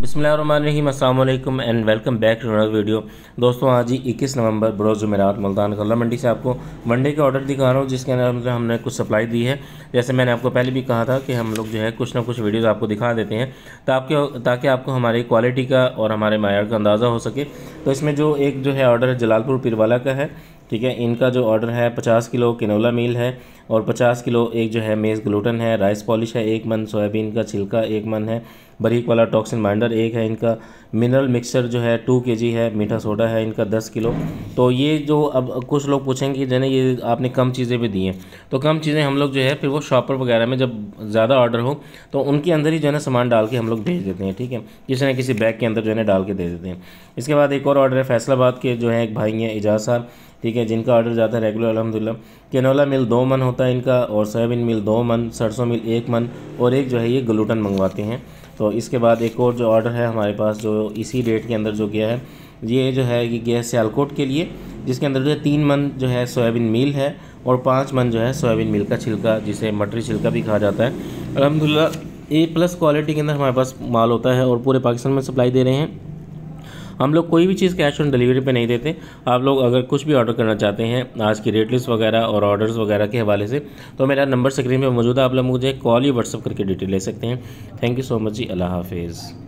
बसमिलकुम and welcome back to another video दोस्तों आज ही 21 नवंबर बरोज़ जमेरात मुल्तान कल्ला मंडी से आपको मंडे के ऑर्डर दिखा रहा हूँ जिसके अंदर मतलब हमने कुछ सप्लाई दी है जैसे मैंने आपको पहले भी कहा था कि हम लोग जो है कुछ ना कुछ वीडियोस आपको दिखा देते हैं ताकि ताकि आपको हमारी क्वालिटी का और हमारे मैार का अंदाज़ा हो सके तो इसमें जो एक जो है ऑर्डर है जलालपुर पीरवाला का है ठीक है इनका जो ऑर्डर है पचास किलो किनोला मील है और पचास किलो एक जो है मेज़ ग्लूटन है राइस पॉलिश है एक मन सोयाबीन का छिलका एक मन है बरीक वाला टॉक्सिन बाइंडर एक है इनका मिनरल मिक्सचर जो है टू के जी है मीठा सोडा है इनका दस किलो तो ये जो अब कुछ लोग पूछेंगे कि जने ये आपने कम चीज़ें भी दी हैं तो कम चीज़ें हम लोग जो है फिर वो शॉपर वगैरह में जब ज़्यादा ऑर्डर हो तो उनके अंदर ही जो है ना सामान डाल के हम लोग भेज देते हैं ठीक है किसी ना किसी बैग के अंदर जो है ना डाल के दे देते हैं इसके बाद एक और ऑर्डर है फैसलाबाद के जो है एक भाई हैं एजाज साहब ठीक है जिनका ऑर्डर जाता है रेगुलर अलहमदिल्ला कैनोला मिल दो मन होता है इनका और सोयाबीन मिल दो मन सरसों मिल एक मन और एक जो है ये ग्लूटन मंगवाते हैं तो इसके बाद एक और जो ऑर्डर है हमारे पास जो इसी डेट के अंदर जो गया है ये जो है ये गया सियालकोट के लिए जिसके अंदर जो है तीन मन जो है सोयाबीन मील है और पाँच मन जो है सोयाबीन मील का छिलका जिसे मटरी छिलका भी कहा जाता है अलहमदिल्ला ए प्लस क्वालिटी के अंदर हमारे पास माल होता है और पूरे पाकिस्तान में सप्लाई दे रहे हैं हम लोग कोई भी चीज़ कैश ऑन डिलीवरी पे नहीं देते आप लोग अगर कुछ भी ऑर्डर करना चाहते हैं आज की रेट लिस्ट वगैरह और ऑर्डर्स वगैरह के हवाले से तो मेरा नंबर स्क्रीन पर मौजूद है आप लोग मुझे कॉल या व्हाट्सअप करके डिटेल ले सकते हैं थैंक यू सो मच जी अल्लाह हाफिज़